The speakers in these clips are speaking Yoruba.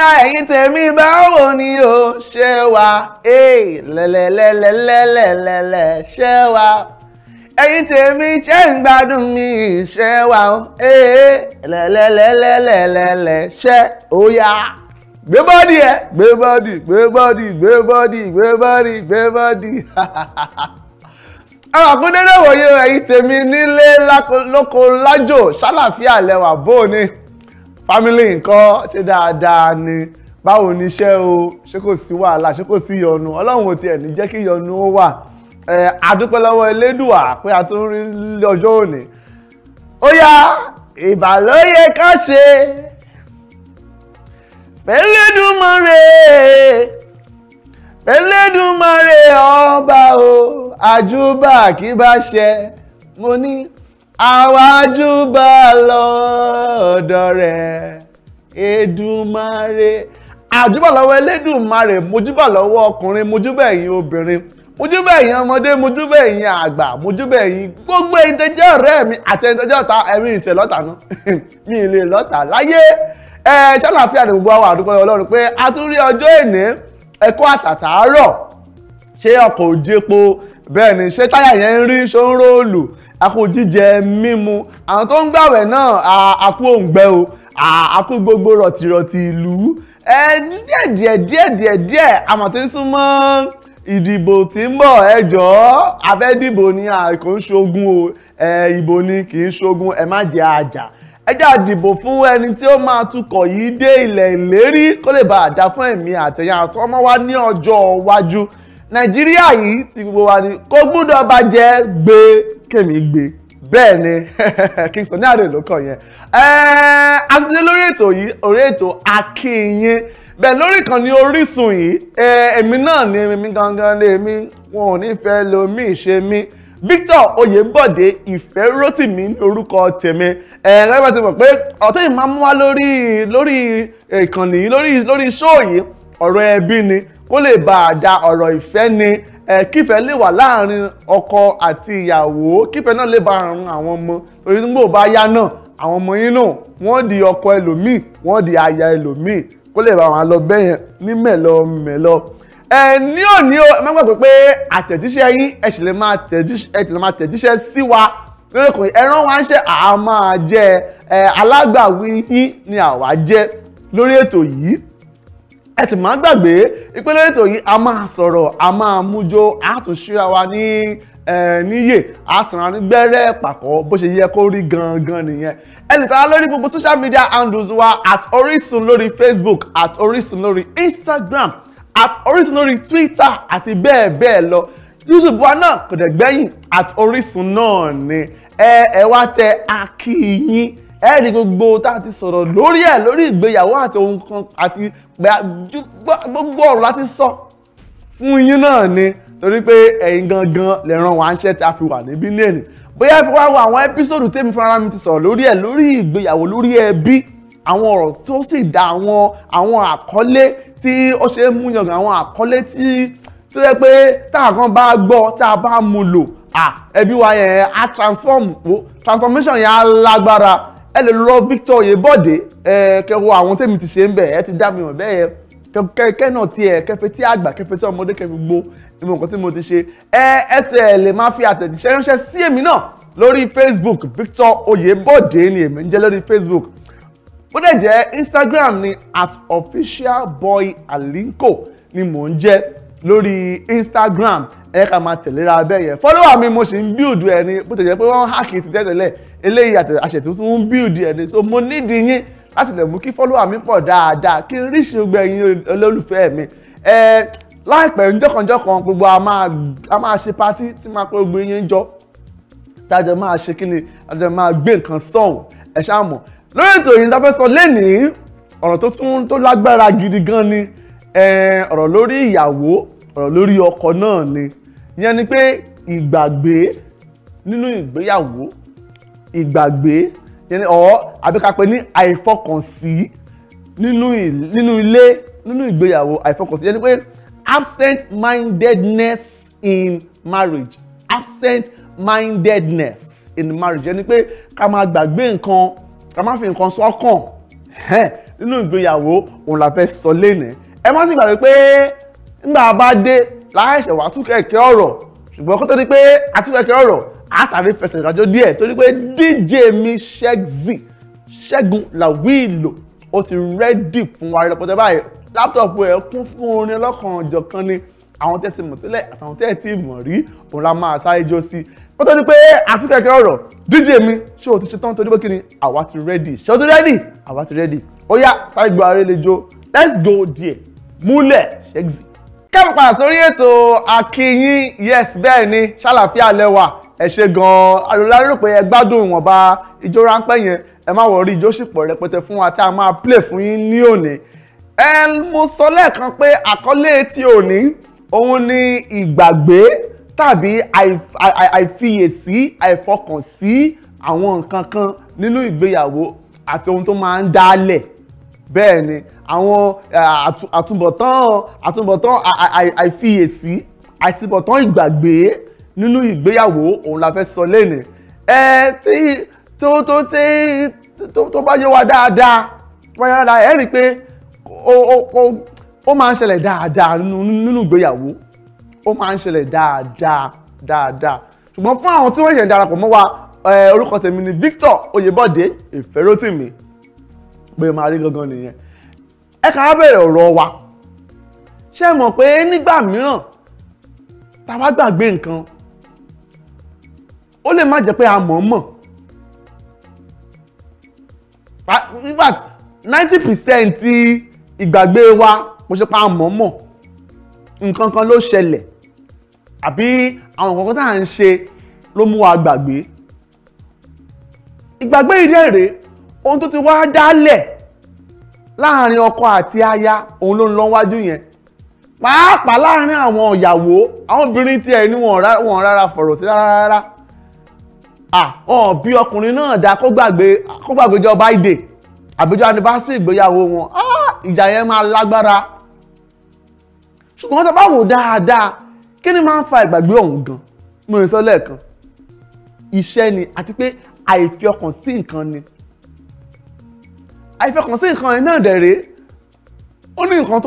yá ẹ̀yin tèmi báwo ni o ṣé wa lẹ́lẹ́lẹ́lẹ́lẹ́lẹ́lẹ́ ṣé wa ẹ̀yin tèmi ṣé ń gbádùn mi ṣé wa lẹ́lẹ́lẹ́lẹ́lẹ́lẹ́ ṣé ó yá gbé bọ́dì ẹ gbé bọ́dì gbé bọ́dì gbé bọ́dì gbé bọ́dì gbé bọ́dì ẹwà kún dédé wòye ẹ̀yin tèmi nílé lóko lájò ṣàlàfíà lẹ́wà bóòní fámílì nǹkan ṣe dáadáa ni báwo ni iṣẹ́ o ṣé kò sí wàhálà ṣé kò sí ìyọnu ọlọ́run ò tiẹ̀ ní jẹ́ kí ìyọnu ó wà àdúpẹ́ lọ́wọ́ elédùà pé a tún rí lọ́jọ́ òní ó yá ìbàlóye ká ṣe pẹ̀lẹ́dùmarè pẹ̀lẹ́dùmarè ọba o àjùbà kí bá ṣe mo ní àwájú bá lọ ọ̀dọ̀ rẹ̀ Èdùmàrè àjúbà lọ́wọ́ Elédùmarè mojúbà lọ́wọ́ ọkùnrin mojúbà ẹ̀yin obìnrin mojúbà ẹ̀yin ọmọdé mojúbà àgbà mojúbà gbogbo ẹ̀yin tẹ́ ọ̀rẹ́ mi àti ẹ̀yin tẹ́ ọ̀tá ẹ̀mí mi lè lọ́tà láyé ní gbogbo àwọn àdúgbò Ọlọ́run pé a tún rí ọjọ́ èní ẹ̀kọ́ àtàtà àárọ̀ bẹ́ẹ̀ ni ṣé táyà yẹn ń rí ṣó ń róòlù àkó jíjẹ mímu àwọn tó ń gbàwẹ̀ náà àkú òǹgbẹ o àkú gbogbo rọ̀tìrọ̀tì ìlú ẹ díẹ̀ díẹ̀ díẹ̀ díẹ̀ díẹ̀ àmọ̀ tí ń súnmọ́ ìdìbò tí ń bọ̀ ẹ jọ̀ọ́ abẹ́dìbò ni kò ń ṣogun o ìbò ni kì í ṣogun ẹ má jẹ́ àjà ẹ jẹ́ àdìbò fún ẹni tí ó máa tukọ̀ yìí dé ilẹ̀ ìlérí kó lè bá àdá fún ẹ̀mí àtẹ̀yà àsọmọ́ ní ọjọ́ iwájú nàìjíríà yìí ti gbogbo wa ni kò gbúdọ̀ bàjẹ́ gbé kèmí gbé bẹ́ẹ̀ ni Kingston ní àdè ló kàn yẹn àtúndé lórí ètò yìí orí ètò akínyìn bẹ́ẹ̀ lórí ìkànnì Orísun yìí èmi náà ni èmi gangan lé mi wọn ò ní fẹ́ lomi ṣe mí Victor oyebode ìfẹ́ Rótìmí ní orúkọ tèmi ẹ̀ẹ́dẹ́gbẹ́sẹ̀ mọ̀ pé ọ̀tẹ́yìn máa mú wá lórí lórí ìkànnì yìí lórí lórí ṣóò yìí ọ̀rọ̀ ẹbí ni kó lè bá a da ọ̀rọ̀ ìfẹ́ ni kífẹ́ lè wà láàrin ọkọ àti ìyàwó kífẹ́ náà lè bá àrùn àwọn ọmọ torí nígbò bá yá náà àwọn ọmọ yín náà wọ́n di ọkọ ẹlòmíì wọ́n di aya ẹlòmíì kó lè bá wọn lọ bẹ́yẹn ní mẹ́lọ mẹ́lọ. ẹ ní òní o ẹ má gbàgbé pé àtẹ̀jíṣẹ́ yín ẹ sì lè máa tẹ̀jíṣẹ́ sí wa lórí kò ẹran wa ń ṣe àá máa jẹ alágbàwí yín ni àwa jẹ lórí ètò yìí ẹ sì má gbàgbé ìpínlẹ̀ ètò yìí a máa sọ̀rọ̀ a máa mújó a tún ṣíra wa ní níyè a sọ̀rọ̀ ní gbẹ́rẹ́ pàkọ́ bó ṣe yẹ kó rí gangan nìyẹn ẹ lè tara lórí gbogbo social media handles wa at Orísun lórí Facebook at Orísun lórí Instagram at Orísun lórí Twitter àti bẹ́ẹ̀ bẹ́ẹ̀ lọ YouTube wa náà kò dẹ̀ gbẹ́yìn at Orísun náà ni ẹ ẹ wá tẹ akíyín ẹ rí gbogbo tá a ti sọ̀rọ̀ lórí ẹ̀ lórí ìgbéyàwó àti ohun kan àti gbogbo ọ̀rọ̀ láti sọ fún yín náà ni torí pé ẹ̀yin gangan lè ràn wá ṣẹ́ tí a fi wà níbí lẹ́nu bóyá ẹ fi wá wo àwọn ẹ́písòdù tèmi fúnra mi ti sọ̀rọ̀ lórí ẹ̀ lórí ìgbéyàwó lórí ẹbí àwọn ọ̀rọ̀ tó sì dá àwọn àwọn àkọlé tí ó ṣe mú yangàn àwọn àkọlé tí tó yẹ pé tá a kan bá gbọ́ tá a bá mú lò ẹbí wa yẹn á transform transformation yẹn á lágbára ẹ lè lọ Victor Oyèbọ̀dé ẹ kẹwọ àwọn tèmi ti ṣe ń bẹ ẹ ti dá mi mọ̀ bẹ́ẹ̀ yẹn kẹ́kẹ́ náà tiẹ̀ kẹfẹ́ tí àgbà kẹfẹ́ tí ọmọdé kẹfẹ́ gbó ìmọ̀ nǹkan tí mo ti ṣe ẹ ẹ tẹ̀ lè máa fi àtẹ̀jíṣẹ́ ránṣẹ́ sí èmi náà lórí Facebook Victor Oyèbọ̀dé ni èmi ń jẹ́ lórí Facebook bó dẹ̀ jẹ́ Instagram ni at officialboyalinko ni mò ń jẹ́ lórí Instagram ẹ ká máa tẹ̀léra abẹ́ yẹn fọ́lọ́wà mi mo sì ń bíùdù ẹ̀ ni bó tẹ̀jẹ́ pé wọ́n hákì ti tẹ́tẹ̀lẹ̀ eléyìí àṣetún tún ń bíùdù ẹ̀ so mo nídìí yín láti lè mú kí fọ́lọ́wà mi pọ̀ dáadáa kí n rí ìṣe gbẹ yín olólùfẹ́ mi ẹ láìpẹ́ njọ́kanjọ́kan gbogbo a máa ṣe patí tí máa pé gbogbo yín jọ tájọ máa ṣe kí ni tájọ máa gbé nǹkan sọ̀hún ẹ ṣáà mọ̀ lórí ètò yìí táfẹ́ sọ lénìí ọ̀rọ̀ tó tún tó lágbára gidi gan ni ọ̀rọ̀ lórí ìyàwó ọ̀rọ̀ lórí ọkọ náà ni ìyẹn ni pé ìgbàgbé nínú ìgbéyàwó ìgbàgbé yẹn ọ̀ àbí ká pè ní àìfọkànsí nínú nínú ilé nínú ìgbéyàwó àìfọkànsí yẹn ni pé absent mindedness in marriage absent mindedness in marriage yẹn ni pé ká máa gbàgbé nǹkan ká máa fi nǹkan sọ́kàn nínú ìgbéyàwó òun la fẹ́ sọ lẹ́nu ẹ má sì gbàgbé pé ńgbà bá dé láìsẹ̀ wà tún kẹ̀kẹ́ ọ̀rọ̀ ṣùgbọ́n kó tó di pé àtúnkẹ̀kẹ́ ọ̀rọ̀ àtàrí fẹsẹ̀ ìrìnàjò díẹ̀ torí pé DJ mi ṣẹ́gzì ṣẹ́gun làwílò ó ti rẹ́dì fún wa rẹpẹtẹ báyìí láptọ̀pù ẹ̀ kún fún orin ọlọ́kan ọ̀jọ̀kan ni àwọn tẹ́ ti mọ̀ tẹ́lẹ̀ àtàwọn tẹ́ ti mọ̀ rí òun la máa sáré jó sí kó tó di pé àtúnkẹ̀kẹ́ ọ̀rọ̀ DJ mi ṣé o ti ṣe tán torí pé kí ni àwa ti rẹ́dì ṣé o ti rẹ́dì àwa ti rẹ́dì ó yá sáré gbọ́ arẹ́lẹ́jọ́ let's go there múlẹ̀ ṣẹ́gzì kẹ́mi padà sórí ètò akínyìn yes bẹ́ẹ̀ ni ṣàlàfíà lẹ́wà ẹ ṣe gan-an alùpàdé rò pé ẹ gbádùn ìwọ̀nba ijó ráńpẹ́ yẹn ẹ má wọrí ijó sì pọ̀ rẹpẹtẹ fún wa tá a máa play fún yín ní òní. ẹ mo sọ lẹ́ẹ̀kan pé àkọlé ti òní òun ni ìgbàgbé tàbí àìfiyèsí àìfọkànsí àwọn nǹkan kan nínú ìgbéyàwó àti ohun tó máa ń dálẹ̀ bẹ́ẹ̀ ni àwọn àtúbọ̀tán àtúbọ̀tán àìfiyèsí àtúbọ̀tán ìgbàgbé nínú ìgbéyàwó òun la fẹ́ sọ lẹ́nu ẹ tí tó tó tí tó bá yé wa dáadáa tó bá yé wa dáadáa ẹ rí i pé ó máa ń ṣẹlẹ̀ dáadáa nínú ìgbéyàwó ó máa ń ṣẹlẹ̀ dáadáa dáadáa ṣùgbọ́n fún àwọn tí wọ́n ṣẹ̀ darapọ̀ mọ́ wa orúkọ tèmi ni Victor Oyèbọ̀dé Ìfẹ́rótìmí pé máa rí gangan nìyẹn ẹ kàn á bẹ̀rẹ̀ ọ̀rọ̀ wa ṣé mọ̀ pé nígbà mìíràn tá a bá gbàgbé nǹkan ó lè má jẹ́ pé a mọ̀ ọ́n mọ̀ in fact ninety percent ti ìgbàgbé wa mo ṣe pa a mọ̀ ọ́n mọ̀ nǹkan kan ló ṣẹlẹ̀ àbí àwọn nǹkan tá à ń ṣe ló mú wa gbàgbé ìgbàgbé ìdẹ́rẹ̀ẹ́ ohun tó ti wá dálẹ̀ láàrin ọkọ àti aya òun ló ń lọ wájú yẹn pàápàá láàrin àwọn ìyàwó àwọn obìnrin tiẹ̀ ni wọ́n rárá fọ̀rọ̀ sí rárá rárá ọ̀n bí ọkùnrin náà dá kó gbàgbé jọ báìdè àbíjọ anniversary ìgbéyàwó wọn ìjà yẹn máa lágbára ṣùgbọ́n tá a bá wò dáadáa kí ni máa ń fa ìgbàgbé ọ̀hún gan mo ń sọ lẹ́ẹ̀kan iṣẹ́ ni àti pé àìfi ọkàn sí nǹkan ni àìfẹkànsí nǹkan ẹ̀ náà dẹ̀rẹ́ ó ní nǹkan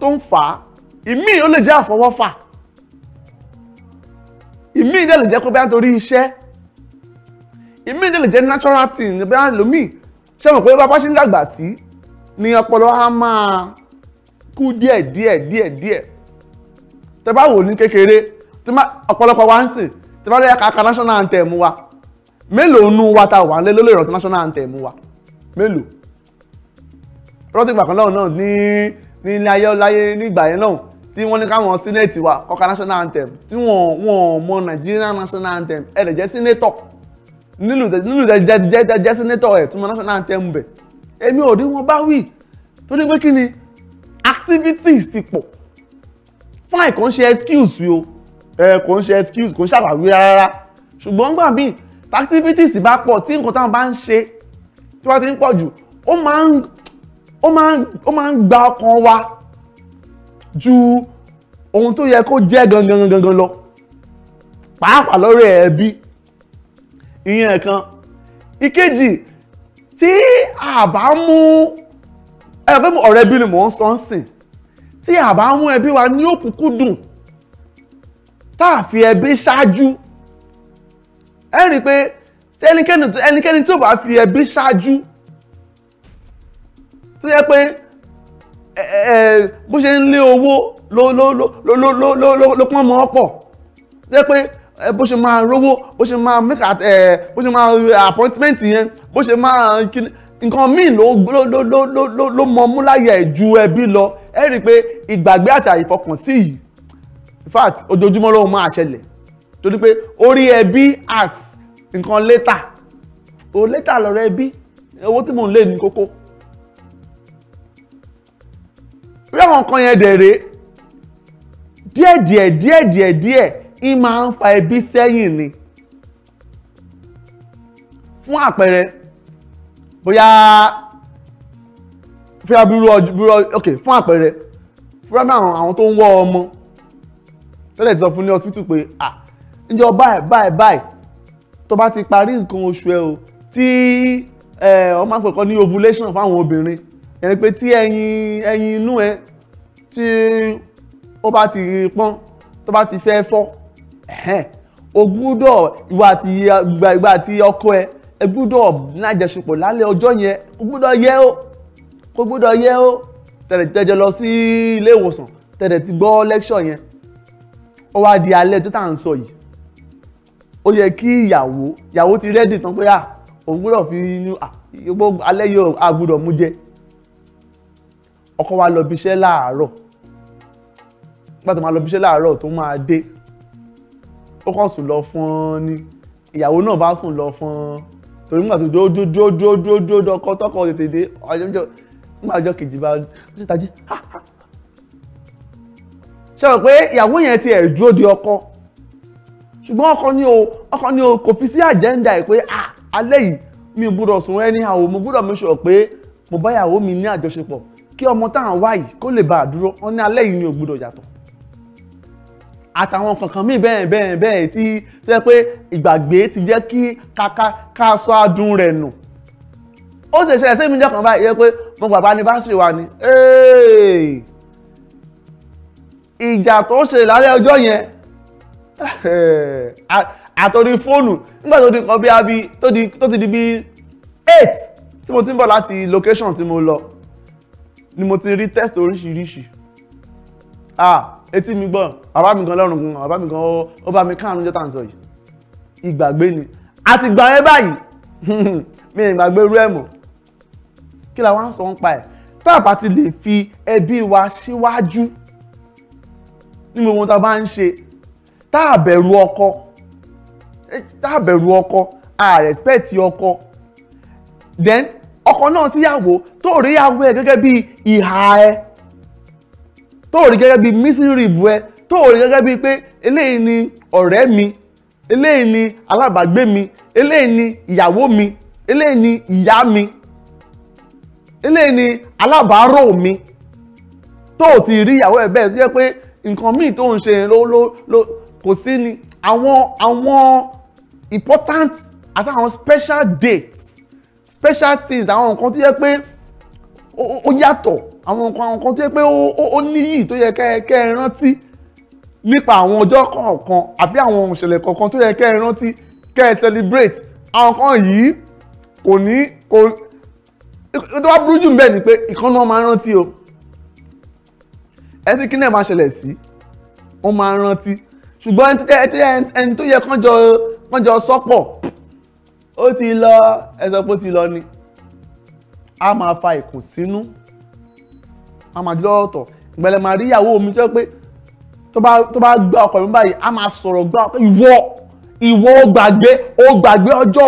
tó ń fà á ìmíì ó lè jẹ́ àfọwọ́fà ìmíì dẹ̀ lè jẹ́ pé bá torí iṣẹ́ ìmíì dẹ̀ lè jẹ́ natural thing bí wọ́n lò míì ṣé mo pé bàbá ṣe ń dàgbà sí ni ọpọlọ á máa kú díẹ̀ díẹ̀ díẹ̀ díẹ̀ tẹ bá wò ní kékeré ọ̀pọ̀lọpọ̀ wa ń sìn tí bá lẹ́yà kàkà national anthem wa mélòó nu wa ta wà lé lórí ìrántí national anthem wa mélòó rántí ìgbà kan lọ́hùn náà ní ní láyé láyé nígbà yẹn lọ́hùn tí wọ́n ní káwọn sínéètì wa kọ́ka national anthem tí wọ́n wọ́n mọ Nigerian national anthem ẹ̀ lẹ̀ jẹ́ sínétọ̀ nílùú jẹ́ jẹ́ jẹ́ sínétọ̀ ẹ̀ tí wọ́n national anthem bẹ̀ èmi ò rí wọn bá wí torí pé kí ni activities ti pọ̀ fine kò ń ṣe excuse o ẹ kò ń ṣe excuse kò ń ṣàwáwí rárá ṣùgbọ́n nígbà míì activities bá pọ̀ tí nǹkan táwọn bá ń ṣe tí wọ́n ti ń pọ̀ jù ó máa ń ó máa ń gba ọkàn wa ju ohun tó yẹ kó jẹ́ gangan gangan lọ pàápàá lórí ẹbí ìyẹn kan ìkejì tí a bá mú ẹgbẹ́ mi ọ̀rẹ́ bí ni mò ń sọ ń sìn tí a mú ẹbí wa ní òkúnkúndùn tá a fi ẹbí ṣáájú ẹ rí i pé ẹnikẹ́ni tó bá fi ẹbí ṣáájú tó yẹ pé bó ṣe ń lé owó ló pọ́n mọ́ pọ̀ tó yẹ pé bó ṣe máa rówó bó ṣe máa make at bó ṣe máa appointment yẹn bó ṣe máa nǹkan míì ló ló ló ló ló ló ló mọ mú láyà ẹ̀ ju ẹbí lọ ẹ rí i pé ìgbàgbé àti àìfọkànsí yìí in fact ojoojúmọ́ ló máa ṣẹlẹ̀ torí pé orí ẹbí as nǹkan later o later lọ́rọ̀ ẹbí owó tí mò ń lé ní kókó bí àwọn nǹkan yẹn dẹ̀ rèé díẹ̀díẹ̀ díẹ̀díẹ̀ díẹ̀ ń máa ń fa ẹbí sẹ́yìn ni fún àpẹẹrẹ bóyá fúra bírú ọjọ́ ok fún àpẹẹrẹ fúra bí àwọn tó ń wọ́ ọmọ tẹ́lẹ̀ ti sọ fún ní hospital pé ah ǹjọ́ báyìí báyìí báyìí tó bá ti parí nǹkan oṣù ẹ o tí ọmọ àpẹẹkọ ní ovulation fáwọn obìnrin ẹni pé tí ẹyin ẹyin inú ẹ tí ó bá ti pọ́n tó bá ti fẹ́ fọ́ o gbúdọ̀ ìwà àti ìgbà àti ọkọ ẹ ẹ gbúdọ̀ lájẹsùpọ̀ lálẹ́ ọjọ́ yẹn o gbúdọ̀ yẹ o kò gbúdọ̀ yẹ o tẹ̀lẹ̀ tẹ̀jọ lọ sí ilé ìwòsàn tẹ̀lẹ̀ ti gbọ́ lẹ́kṣọ̀ yẹn ó wá di alẹ́ tó tà ń sọ yìí ó yẹ kí ìyàwó ìyàwó ti rẹ́dì tán pé à òun gbúdọ̀ fi inú àgbúdọ̀ mú jẹ ọkọ wa lọ bí iṣẹ́ láàárọ̀ nígbà tó máa lọ bí iṣẹ́ láàárọ̀ tó máa dé ó kàn sùn lọ fún ọ ni ìyàwó náà bá sùn lọ fún ọ torí nígbà tó dúró dúró dúró dúró dúró dọkọ tọkọ tètè dé ọjọ́ níjọ́ nígbà ọjọ́ kejì bá ó sì tají ṣe rò pé ìyàwó yẹn ti ẹ̀ dúró di ọkọ ṣùgbọ́n ọkọ ni o ọkọ ni o kò fi sí àjẹ́ndà ẹ̀ pé ah, alẹ́ yìí mi gbúdọ̀ sùn anyhow mo gbúdọ̀ mi sọ pé mo bá ìyàwó mi ní àjọṣepọ̀ kí ọmọ táwọn wá yìí kó lè bá a dúró wọn ní alẹ́ yìí ni ò gbúdọ̀ yàtọ̀ àtàwọn kankan míì bẹ́ẹ̀ bẹ́ẹ̀ bẹ́ẹ̀ tí tẹ́ pé ìgbàgbé ti jẹ́ kí kaka ká sọ adùn rẹ̀ nù ó sì ṣẹlẹ̀ sí mi jọ́ kan báyìí yẹ pé mo gbàgbá ní báṣìrì wa ni ìjà tó ṣe lálẹ́ ọjọ́ yẹn àtòrí fóònù nígbà tó di kan bí i tó ti di bí eight tí mo ti ń bọ̀ láti location tí mo lọ ni mo ti rí test oríṣiríṣi ah etí mi gbọ́n bàbá mi gan lọ́rùn gan bàbá mi gan ó bá mi káàánú jọ́tà ń sọ yìí ìgbàgbé ni àti gbà yẹn báyìí mi ìgbàgbé rú ẹ̀ mọ́ kí la wá ń sọ ń pa ẹ̀ tá a ti lè fi ẹbí wa síwájú ní gbogbo ohun tá a bá ń ṣe tá ọkọ tá ọkọ a respect ọkọ then ọkọ náà tíyàwó tó rí ìyàwó ẹ gẹ́gẹ́ bí ìhà ẹ tó rí gẹ́gẹ́ bí mísírì bu ẹ tó rí gẹ́gẹ́ bí pé eléyìí ni ọ̀rẹ́ mi eléyìí ni alábàágbé mi eléyìí ni ìyàwó mi eléyìí ni ìyá mi eléyìí ni alábàárò mi tó ti rí ìyàwó ẹ bẹ́ẹ̀ tó jẹ́ pé nǹkan míì tó ń ṣe ló ló ló kò sí ni àwọn àwọn important àtàwọn special day special things àwọn nǹkan tó yẹ pé ó yàtọ̀ àwọn nǹkan àwọn nǹkan tó yẹ pé ó níyì tó yẹ kẹ́ ẹ rántí nípa àwọn ọjọ́ kọ̀ọ̀kan àbí àwọn ìṣẹ̀lẹ̀ kọ̀ọ̀kan tó yẹ kẹ́ ẹ rántí kẹ́ ẹ celebrate àwọn kan yìí kò ní kò tó bá burú jù bẹ́ẹ̀ ni pé ìkànnì wọn máa rántí o ẹni kí náà máa ṣẹlẹ̀ sí wọn máa rántí ṣùgbọ́n ẹni tó yẹ kán jọ sọ́pọ̀ ó ti lọ ẹ sọ pé ó ti lọ ni a máa fa ìkùnsínú a máa dúró ọ̀tọ̀ ìgbẹ́lẹ̀ máa rí ìyàwó mi tó pé tó bá gbá ọkọ mi báyìí a máa sọ̀rọ̀ gbá ọkọ ìwọ ìwọ ó gbàgbé ó gbàgbé ọjọ́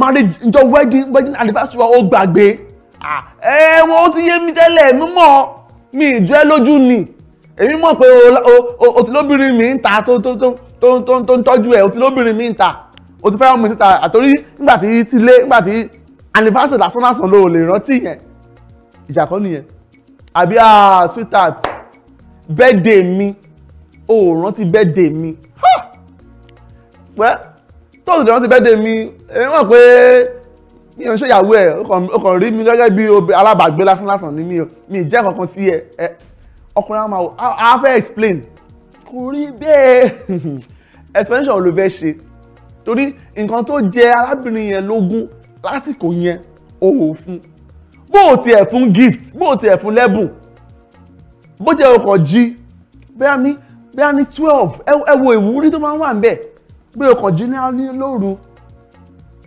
marriage ọjọ́ wedding wedding anniversary ó gbàgbé ẹ wọn ó ti yé mi tẹ́lẹ̀ mi mọ̀ mi ìjọ ẹ lójú ni èmi mọ̀ pé o ti lóbìnrin mi ń ta tó ń tọ́jú ẹ̀ o ti lóbìnrin mi ń ta o ti fẹ́ mú síta àtòrí nígbà tí tílé nígbà tí anniversary lásán lásán ló lè rántí yẹn ìjà kan nìyẹn àbí ah sweetheart birthday mi o ò rántí birthday mi pẹ́ tó o sì rántí birthday mi èmi mọ̀ pé mi ò ń ṣèyàwó o kàn rí mi gẹ́gẹ́ bí alábàágbé lásán lásán ni mi ò mi ì jẹ́ kankan sí ẹ ọkùnrin àwọn àwọn afẹ́ explain kò rí bẹ́ẹ̀ explanation ò ló fẹ́ ṣe torí nǹkan tó jẹ arábìnrin yẹn lógún lásìkò yẹn o ò fún bó o tiẹ̀ fún gift bó o tiẹ̀ fún lẹ́bùn bó jẹ́ ọkọ̀ jí bẹ́ẹ̀ ni bẹ́ẹ̀ ni twelve ẹ wo ìwúrí tó máa ń wà níbẹ̀ bí ọkọ̀ jí ní lóru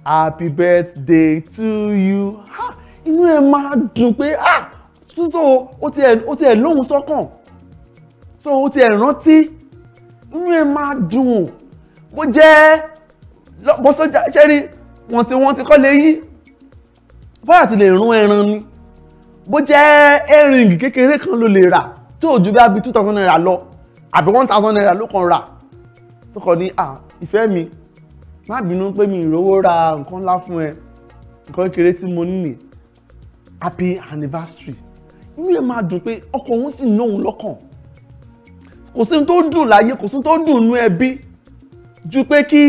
happy birthday to you ha inú ẹ máa dùn pé ah so o tiẹ̀ o tiẹ̀ lóhùn sọ́kàn so o tiẹ̀ rántí inú ẹ máa dùn bó jẹ́ bọ́ sójà ṣẹ́rí wọ́n ti wọ́n ti kọ́ lé yín báyà ti lè rún ẹran ni bó jẹ́ ẹ̀rìngì kékeré kan ló lè rà tí ò ju bí abi two thousand naira lọ àbí one thousand naira ló kàn rà tó kàn ní à ìfẹ́ mi má bínú pé mi ìrówó ra nǹkan ńlá fún ẹ nǹkan kékeré tí mo ní nì happy anniversary inú ẹ máa dùn pé ọkọ òun sì ná òun lọ́kàn kò sí tó dùn láyé kò sí tó dùn nú ẹbí ju pé kí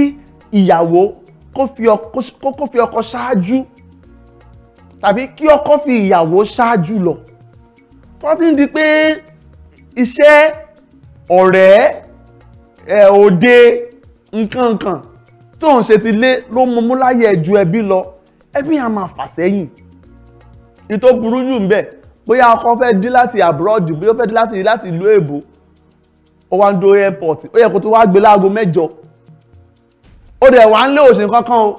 ìyàwó kó fi ọkọ ṣáájú tàbí kí ọkọ fi ìyàwó ṣáájú lọ tó ti ń di pé iṣẹ́ ọ̀rẹ́ ẹ̀ òde nkankan tó ń ṣe ti lé ló mú mú láyé ju ẹbí lọ ẹbí yẹn máa fà sẹ́yìn ìtò burú jù ń bẹ bóyá ọkọ fẹ́ dí láti abroad bóyá ó fẹ́ dí láti ìlú èbó ó wá ń do airport ó yẹ kó tó wá gbé láago mẹ́jọ ó dẹ̀ wá ń lé òsìn kankan o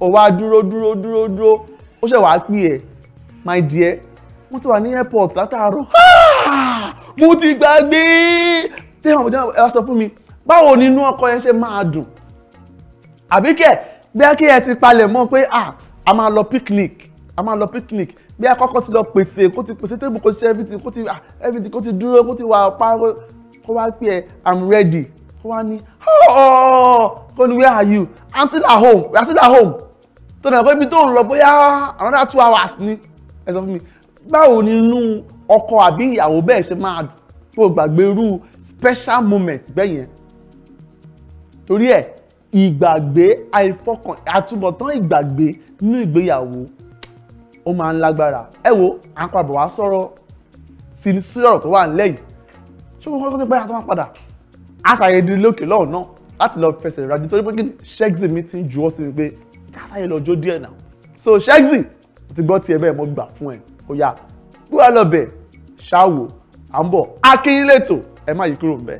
ò wá dúró dúró dúró dúró ó ṣe wàá pè ẹ́ my dear mo ti wà ní airport látàárọ̀ mo ti gbàgbé tí àwọn ọmọdé ẹ wá sọ fún mi báwo ni inú ọkọ yẹn ṣe máa dùn àbí kẹ bí a kí ẹ ti palẹ̀ mọ́ pé a máa lọ picnic a máa lọ picnic bí a kọ́kọ́ ti lọ pèsè kó ti pèsè tébù kó ti ṣe everything kó ti everything kó ti dúró kó ti wà pa kó wá pè ẹ i'm ready kó wá ní kóni oh, where are you i'm still at home we are still at home tó dàgbà ibi tó ń lọ bóyá another two hours ni ẹ sọ fún mi báwo ni inú ọkọ àbí ìyàwó bẹ́ẹ̀ ṣe máa tó gbàgbé irú special moment bẹ́ẹ̀ yẹn torí ẹ̀ ìgbàgbé àìfọkàn àtúbọ̀tán ìgbàgbé nínú ìgbéyàwó ó máa ń lágbára ẹ wo à ń padà wá sọ̀rọ̀ sí ọ̀rọ̀ tó wà nílẹ̀ yìí ṣé wọ́n kọ́kọ́ tó gbáyà tó máa padà aṣàyẹ̀dì lókè lọ́ọ̀ náà láti lọ fẹsẹ̀ rajò torí pé kí ni ṣẹ́gzì mi ti ń juwọ́ sí mi pé jásáyé lọ jó díẹ̀ náà so ṣẹ́gzì ti gbọ́ tiẹ̀ bẹ́ẹ̀ mo gbà fún ẹ̀ ó yá gbúra lọ bẹ̀ ṣáwò à ń bọ̀ akínyìn lẹ́tọ̀ ẹ má yí kúrò ń bẹ̀.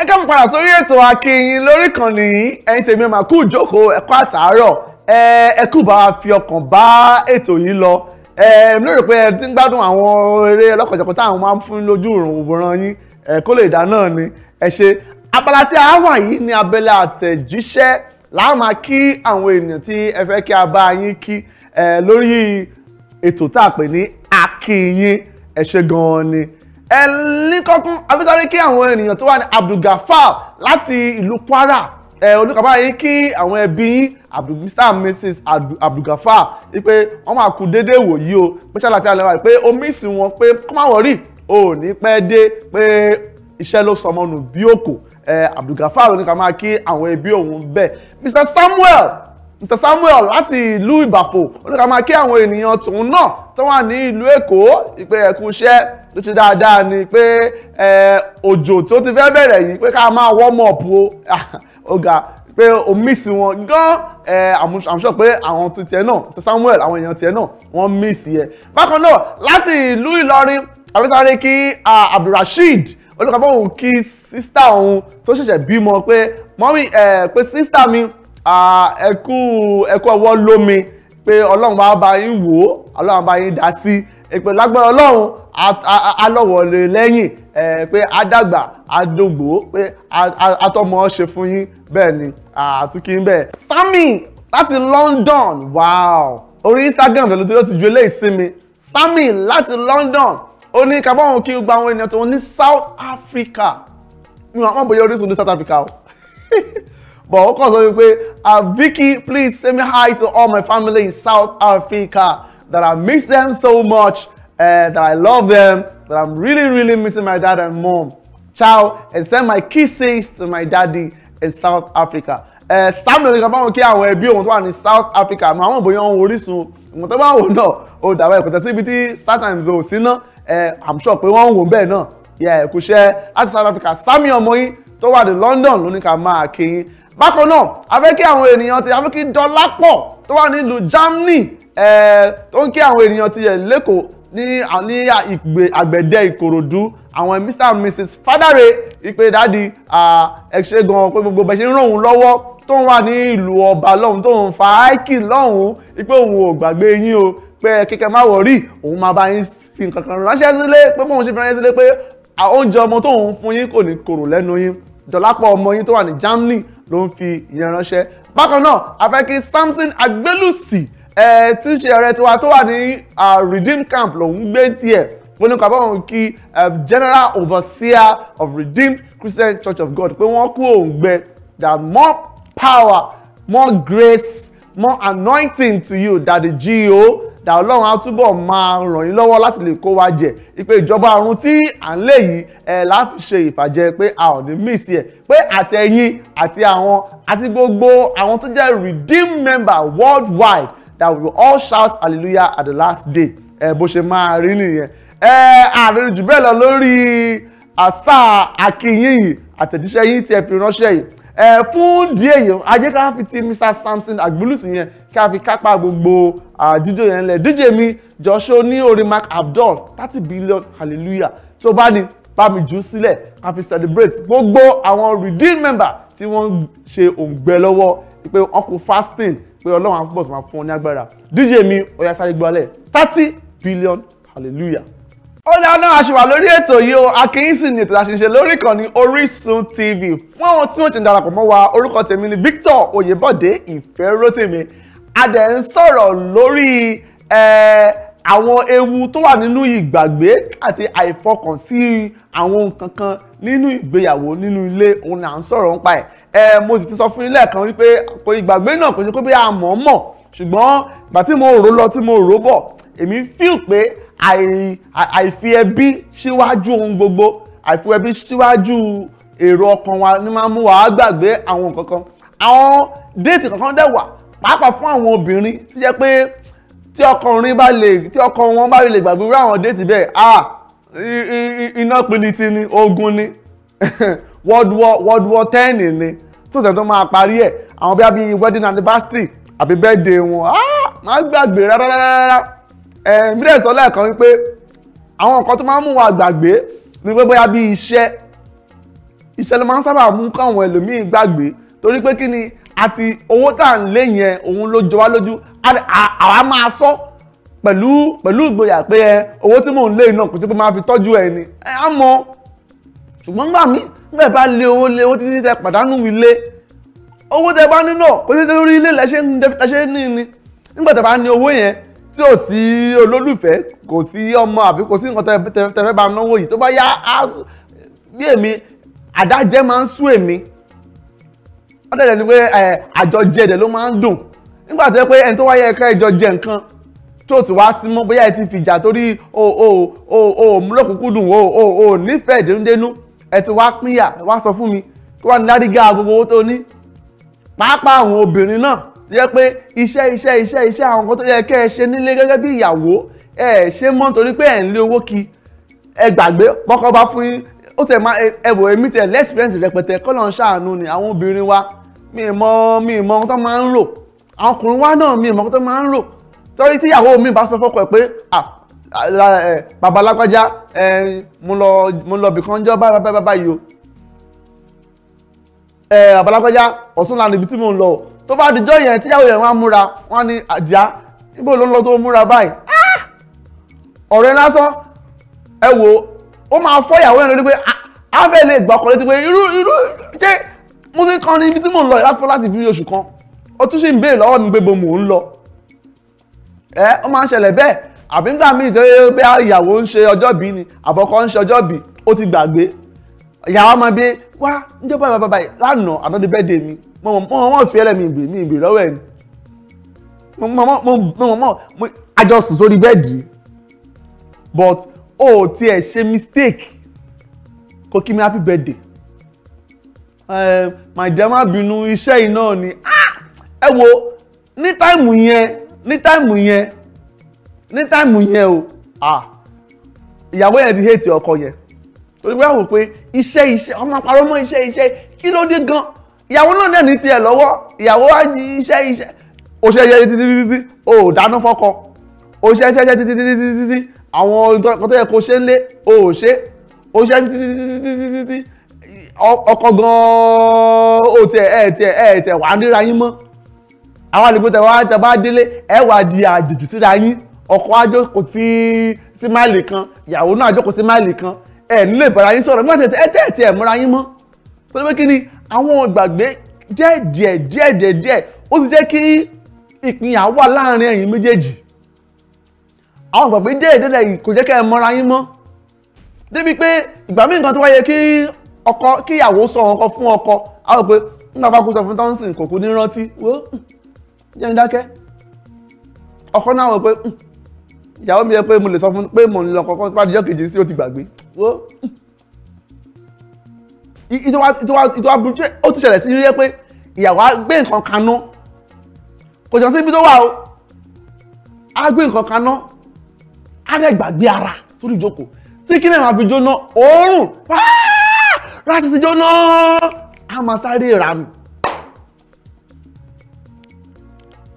ẹ káàmù padà sórí ètò akínyìn lórí kan nìyí ẹ̀yin tèmi mà kú ìjókòó ẹ kú àtàárọ̀ ẹ ẹ kú bá fi ọkàn bá ètò yìí lọ ẹ mi lérò pé ẹ ti ń gbádùn àwọn eré ọlọ́kọ̀jọ̀kọ̀ táwọn máa ń fún lójú òòrùn òwòrán yín kó lè dá náà ni ẹ ṣe abala tí a wà yìí ní abẹ́lẹ̀ àtẹ̀jíṣẹ́ la máa kí àwọn ènìyàn tí ẹ fẹ́ kí a bá yín kí lórí ètò tá a pè ní akínyìn ẹ ṣe gan-an ni ẹ ní kọ́kún afẹ́sáré kí àwọn ènìyàn tó wà ní Abdulgafar láti ìlú Kwara olùkàbá yìí kí àwọn ẹbí yín Mr and Mrs Abdulgafar wípé wọ́n máa kú déédéé wòyí o pé ṣàlàyé àlẹ́ wa pé omi ìsìn wọn pé kó má wọ̀rí ò ní pẹ́ dé pé iṣẹ́ ló sọmọ nù bí òkò Abdulgafar ló ní ká máa kí àwọn ẹbí òun bẹ́ẹ̀ Mr Samuel Mr Samuel láti ìlú Ìbàpò ó ní ká máa kí àwọn ènìyàn tòun náà tó wà ní ìlú Èkó ìpè ẹ̀kú iṣẹ́ ló ṣe dáadáa ni pé òjò tó ti fẹ́ bẹ̀rẹ̀ yìí pé ká máa warm up o ọ̀gá ah, pé o miss wọn gan ẹ I'm sure pé àwọn tún tiẹ̀ náà Mr Samuel àwọn èèyàn tiẹ̀ náà wọ́n miss yẹ. bákan náà láti ìlú Ìlọrin àfẹ́sáré kí Abdulrasheed olùkọ́ fóun kí sísítà òun tó ṣẹ̀ṣẹ̀ bímọ pé mọ́mí ẹ̀ pé sísítà mi ẹ̀kú ẹ̀kú ọwọ́ lómi pé ọlọ́run bá bá yín wò ó ọlọ́run bá yín dá sí èpè lágbára ọlọ́run alọ́wọ̀lè lẹ́yìn pé àdàgbà àdógbò pé atọ́mọ ṣe fún yín bẹ́ẹ̀ ni àtúkí bẹ́ẹ̀. Sammy láti London wow orí Instagram ló ti ju eléyìí sí mi Sammy láti London ó ní kábọ̀hún kí gba àwọn ènìyàn tó wọn ní South Africa mi ò mọ̀ bóyá Orísun ní South Africa o but ó kàn sọ wípé uh, Vicky please send me hi to all my family in South Africa that I miss them so much uh, that I love them that I'm really really missing my dad and mom ciao and send my kisses to my daddy in South Africa Samuel nìkan báwọn kí àwọn ẹbí òun tó wà ní South Africa àmọ́ àwọn òbòyàn ohun Orísun ìmọ̀ tó bá wò náà ó dàbọ̀ ẹ̀kọ́tẹ́ síbi tí startimes ò sí ná I'm sure pé wọ́n ń wò bẹ́ẹ̀ náà yẹ kò ṣe láti South Africa Sammy Ọmọyín tó wà ní London ló ní ká máa kéyìn bákan náà a fẹ́ kí àwọn ènìyàn ti a fẹ́ kí Dọlápọ̀ tó wà nílùú Germany tó ń kí àwọn ènìyàn ti yẹ lẹ́kọ̀ọ́ ní ní ìgbè àgbẹ̀dẹ ìkòròdú àwọn mr and mrs fadare ìpè dáàdi ẹ ṣé gan pé gbogbo bẹ ṣe ń ràn òun lọ́wọ́ tó ń wà ní ìlú ọba lọ́hùn tó ń fa áìkì lọ́hùn pé òun ò gbàgbé yín o pé kíkẹ́ má wọ̀rí òun máa bá yín fi nǹkan kan ránṣẹ́ sílé pé bóun ṣe fi ránṣẹ́ sílé pé oúnjẹ ọmọ tóun fún yín kò ní korò lẹ́nu yín dọ̀lápọ̀ ọmọ yín tó wà ní Germany ló ń fi ìyẹn ránṣẹ́ bákan náà a fẹ́ kí Samson Agbélùsì ẹ tí ń ṣe ọ̀rẹ́ tiwa tó wà ní Redeem Camp lòún gbé tiẹ̀ wọ́n ní kàbọ̀ òun kí general overseer of Redeemed Christian Church of God pé wọ́n kú òun gbẹ that more power more grace more anointing to you dàdíjí o dà ọlọ́run á túbọ̀ máa ràn yín lọ́wọ́ láti lè kó wa jẹ ìpè ìjọba ọ̀run tí à ń lé yìí ẹ̀ láti ṣe ìfàjẹ pé a ò ní miss ẹ̀ pé àtẹ̀yìn àti àwọn àti gbogbo àwọn tó jẹ́ redeemed member worldwide that we all shout hallelujah at the last day ẹ̀ bó ṣe máa rí nìyẹn ẹ̀ àrùn jù bẹ́ẹ̀ lọ lórí àṣà àkíyìn yìí àtẹ̀jíṣẹ́ yín tí ẹ fi ránṣẹ́ yìí ẹ fún díẹ̀ yìí ajé ká fi ti Mr Samson Agbolusi yẹn ká fi kápá gbogbo àdíjọ yẹn lẹ̀ DJ mi Joshua ní orin Mark Abdul thirty billion hallelujah tó bá ní bá mi jù ú sílẹ̀ ká fi celebrate gbogbo àwọn redeemed member tí wọ́n ń ṣe òǹgbẹ lọ́wọ́ pé uncle fasting pé ọlọ́run àpòpọ̀ sì máa fún wọn ní agbára DJ mi ọ̀yà sáré gbọ́lẹ̀ thirty billion hallelujah ó dáná àṣìwà lórí ètò yìí o akínyìnsì ni ètò àṣìṣe lórí ìkànnì Orísun TV fún àwọn tí wọ́n ti darapọ̀ mọ́ wa orúkọ tèmi ni Victor Oyèbọ̀dé ìfẹ́ Rótèmi a dẹ̀ ń sọ̀rọ̀ lórí àwọn ewu tó wà nínú ìgbàgbé àti àìfọkànsí àwọn nǹkan kan nínú ìgbéyàwó nínú ilé òun là ń sọ̀rọ̀ nípa ẹ̀ mo sì ti sọ fún yín lẹ́ẹ̀kan wípé ìgbàgbé náà kò ṣe pé bí a mọ̀ ọ́ mọ̀ ṣùgbọ́n ìgbà tí mo rò lọ tí mo rò bọ̀ èmi feel pé àìfi ẹbí síwájú ohun gbogbo àìfi ẹbí síwájú èrò ọkàn wa ni máa ń mú wa gbàgbé àwọn nǹkan kan àwọn déètì kankan dẹ̀ wà pàápàá fún àwọn obìnrin tí jẹ́ pé tí ọkùnrin bá lè tí ọkọ wọn bá lè gbàgbé irú àwọn déètì bẹ́ẹ̀ ah iná piniti ni ogun ni world war world war ten ni tó sẹ́ni tó máa parí ẹ̀ àwọn bí i wedding anniversary àbí birthday wọn ah máa gbàgbé rárá rárá rárá. Eh, mílẹ̀ sọ lẹ́ẹ̀kan wípé àwọn nǹkan tó máa ń mú wa gbàgbé ni pé bóyá bí iṣẹ́ iṣẹ́ ló máa ń sábà mú káwọn ẹlòmíín gbàgbé torí pé kí ni àti owó tá à ń lé yẹn òun ló jọ wá lójú àwa máa sọ pẹ̀lú pẹ̀lú ìgboyà pé ẹ owó tí mò ń lé náà kò tí pé máa fi tọ́jú ẹ ni ẹ á mọ ṣùgbọ́n gbà mí bẹ́ẹ̀ bá lé owó lé owó títí tẹ pàdánù ilé owó tẹ bá ní kò tí tẹ lórí ilé lẹ ṣe ní ni nígbà tẹ bá ní owó yẹn tí ò sí olólùfẹ́ kò sí ọmọ àbí kò sí nǹkan tẹ́fẹ́ bá náwó yìí tó bá yá bí èmi àdájẹ́ máa ń sú èmi wọ́n tẹ̀lé ni pé àjọjẹ ẹ̀dẹ̀ ló máa ń dùn nígbà tó yẹ pé ẹni tó wáyé ẹ̀ka ẹjọ jẹ nǹkan tó ti wá sí mọ́ bóyá ẹ ti fìjà torí o o o o múlòkùnkùndùn o o o nífẹ̀ẹ́ dénúdénú ẹ ti wá pínyà wá sọ fún mi kí wọ́n ní lárígá gbogbo owó tó ní pàápàá àwọn obìnrin náà yẹ pé iṣẹ́ iṣẹ́ iṣẹ́ iṣẹ́ àwọn nǹkan tó yẹ kẹ́ ẹ ṣe nílé gẹ́gẹ́ bí ìyàwó ẹ ṣe mọ́ nítorí pé ẹ̀ ń lé owó kí ẹ gbàgbé bọ́kọ bá fún yín ó tẹ̀ máa ẹ̀wọ̀ èmi tẹ̀ lẹ́sìpẹ́ǹsì rẹpẹtẹ kọ́ lọ́n ṣàánú ni àwọn obìnrin wa mi mọ mi mọ ohun tó máa ń rò àwọn ọkùnrin wa náà mi mọ ohun tó máa ń rò torí tíyàwó mi bá sọ fọ́kọ ẹ̀ pé babalágbájá mo lọ bìkan jọ báyìí o babalágbájá ọ̀tún lànà ibi tí mò ń lọ o tó bá dijọ́ yẹn tíyàwó yẹn wọ́n múra wọ́n ní àjà níbo ló lọ tó múra báyìí ah! ọ̀rẹ́ lásán ẹ wo ó máa fọ́ ìyàwó yẹn lórí pé ah, abẹ́ lè gbà ọkọ̀ létí pé irú irú ṣé mo ti kàn ní ibi tí mò ń lọ ìlàfọ́ láti fi oṣù kan ó tún ṣì ń béèrè lọ́wọ́ mi pé bo mò ń lọ ẹ ó máa ń ṣẹlẹ̀ bẹ́ẹ̀ àbí nígbà míì tó yẹ ìyàwó ń ṣe ọjọ́ bí ni àbọ̀kọ ń ṣe ọjọ́ bí ó ti gbàgbé ìyàwó máa bí wá níjọ́ báyìí bàbá báyìí lánàá àtọ́dé bẹ́ẹ̀dẹ̀ mi mo mọ̀ mọ̀ fi ẹlẹ́ mi ìbè mi ìbè lọ́wọ́ ẹ̀ mo mọ̀ mọ̀ mọ̀ àjọ sùn sórí bẹ́ẹ̀dì but o ò tiẹ̀ ṣe mistake kó kí mi happy birthday màjá ehm, má bínú iṣẹ́ yìí náà ni ah! ẹ wo ní táìmù yẹn ní táìmù yẹn ní táìmù yẹn o ah! ìyàwó yẹn ti hate ọkọ yẹn torí pé àwọn pé iṣẹ́ iṣẹ́ ọmọ àparọ́ mọ́ iṣẹ́ iṣẹ́ kí ló dé gan ìyàwó náà dẹ̀ ní tiẹ̀ lọ́wọ́ ìyàwó wá di iṣẹ́ iṣẹ́ ó ṣe iṣẹ́ títí títí ó dáná fọ́kọ ó ṣe iṣẹ́ iṣẹ́ títí títí títí àwọn nǹkan tó yẹ kó ṣe ń lé ó ṣe ó ṣe títí títí títí ọkọ gan-an ó tiẹ̀ ẹ̀ tiẹ̀ ẹ̀ tiẹ̀ wà á ríra yín mọ́ àwọn àlejò tẹ̀ wá tẹ̀ bá délé ẹ̀ wà di àjèjì síra yín ọkọ á jókòó sí máìlì kan ìyàwó náà á jókòó sí máìlì kan ẹ nílò ìbára yín sọ̀rọ̀ nígbà tẹ̀ ẹ tẹ̀ ẹ̀ tiẹ̀ múra yín mọ́ torí pé kí ni àwọn ìgbàgbé díẹ̀ díẹ̀ díẹ̀ díẹ̀ díẹ̀ ó ti jẹ́ kí ìpínyà wà láàrin ẹ̀yin méjèèjì àwọn ìgbàgbé díẹ̀ díẹ̀ díẹ̀ kò jẹ́ kẹ́ ẹ mọ́ra yín mọ́ débi pé ìgbà míì nǹkan tó wáyé kí ọkọ kí ìyàwó sọ ọkọ fún ọkọ á rò pé nígbà bá kú sọ fún tọ́nsìn kò kú ní rántí wó hmm, jẹ́ ní dákẹ́ ọkọ náà rò pé hmm, ìyàwó mi yẹ pé mo lè sọ fún pé mo ń lọ kọ́kọ́ tó bá dijọ́ kejì sí ó ti gbàgbé wo ìtọ́wá burúkú ó ti ṣẹlẹ̀ sí rí pé ìyàwó á gbé nǹkan kaná kò jọ sí ibi tó wà o á gbé nǹkan kaná á rẹ̀ gbàgbé ara sórí ìjókòó tí kí náà máa fi jóná òórùn láti ti jóná a máa sáré ìranù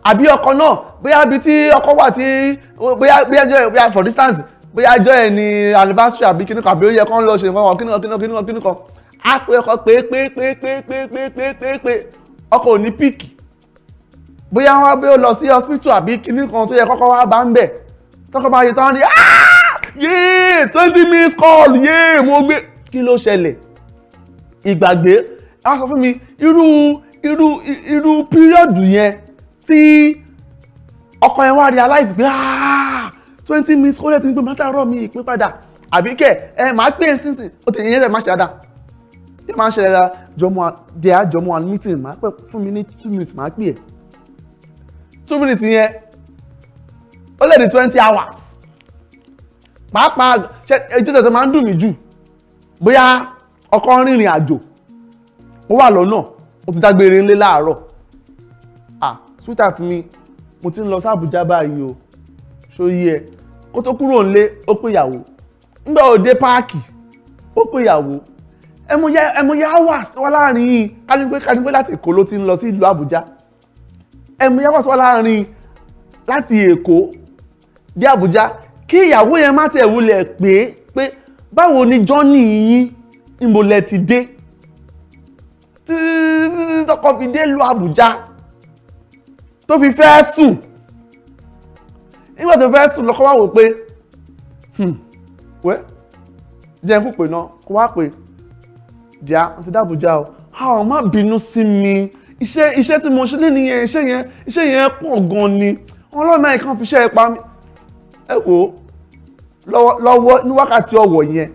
àbí ọkọ náà bóyá ibi tí ọkọ wà tí bóyá bóyá for distance bóyá ajọ́ ẹ̀ ní anniversary àbí kíní kan àbí ó yẹ kán lọ ṣe nǹkan kíní kan kíní kan kíní kan kíní kan á pé ọkọ̀ pé pé pé pé pé pé pé pé pé ọkọ̀ ò ní píìkì bóyá wọn bóyá ó lọ sí hospital àbí kíní kan tó yẹ kọ́kọ́ wá bá ń bẹ̀ tọkọ bá yẹ tán ní ah! yéé twenty minutes call yéé mo gbé kí ló ṣẹlẹ̀ ìgbàgbé á sọ fún mi irú irú irú píríọ̀dù yẹn tí ọkọ yẹn wá realize pé aaa ah! twenty minutes ó lè ti ń pè mátàárọ̀ mi ìpín padà àbí kẹ ẹ máa pè é sísìn ó ti yẹn lè má ṣe dáadáa yẹn máa ń ṣẹlẹ̀ dáa jọmọ dé àjọmọ one meeting máa pẹ fún mi ní two minutes máa pè é two minutes yẹn ó lè di twenty hours pàápàá ṣe ẹjọ́ tẹ̀tẹ̀ máa ń dùn mí jù bóyá ọkọ rìnrìn àjò ó wà lọ́nà ó ti dágbére ńlé láàárọ̀ ah sweetheart me. mo ti ń lọ sí Àbújá báyìí o ṣòyí ẹ kó tó kúrò ńlé ó pé ìyàwó ńgbà òde páàkì ó pé ìyàwó ẹmúyẹ ẹmúyẹ hours wà láàrin yìí kánípé kánípé láti èkó ló ti ń lọ sí ìlú àbújá ẹmúyẹ hours wà láàrin láti èkó dé àbújá kí ìyàwó yẹn má tiẹ̀ wulẹ̀ pé pé báwo ni johnny yín ìmọ̀lẹ̀ ti dé tí tọkọ fi dé lu àbújá tó fi fẹ́ sùn nígbà tó fẹ́ sùn lọ́kọ́ wá wò pé hmm, wẹ́ jẹ́ kó pè náà kó wá pè díà àti dábùjá o àwọn má bínú sí mi iṣẹ́ iṣẹ́ tí mo ṣe lé nìyẹn iṣẹ́ yẹn iṣẹ́ yẹn pọ̀ gan ni ọlọ́nà ìkan fi iṣẹ́ ipa mi ẹ wò ó lọ́wọ́ ní wákàtí ọ̀wọ̀ yẹn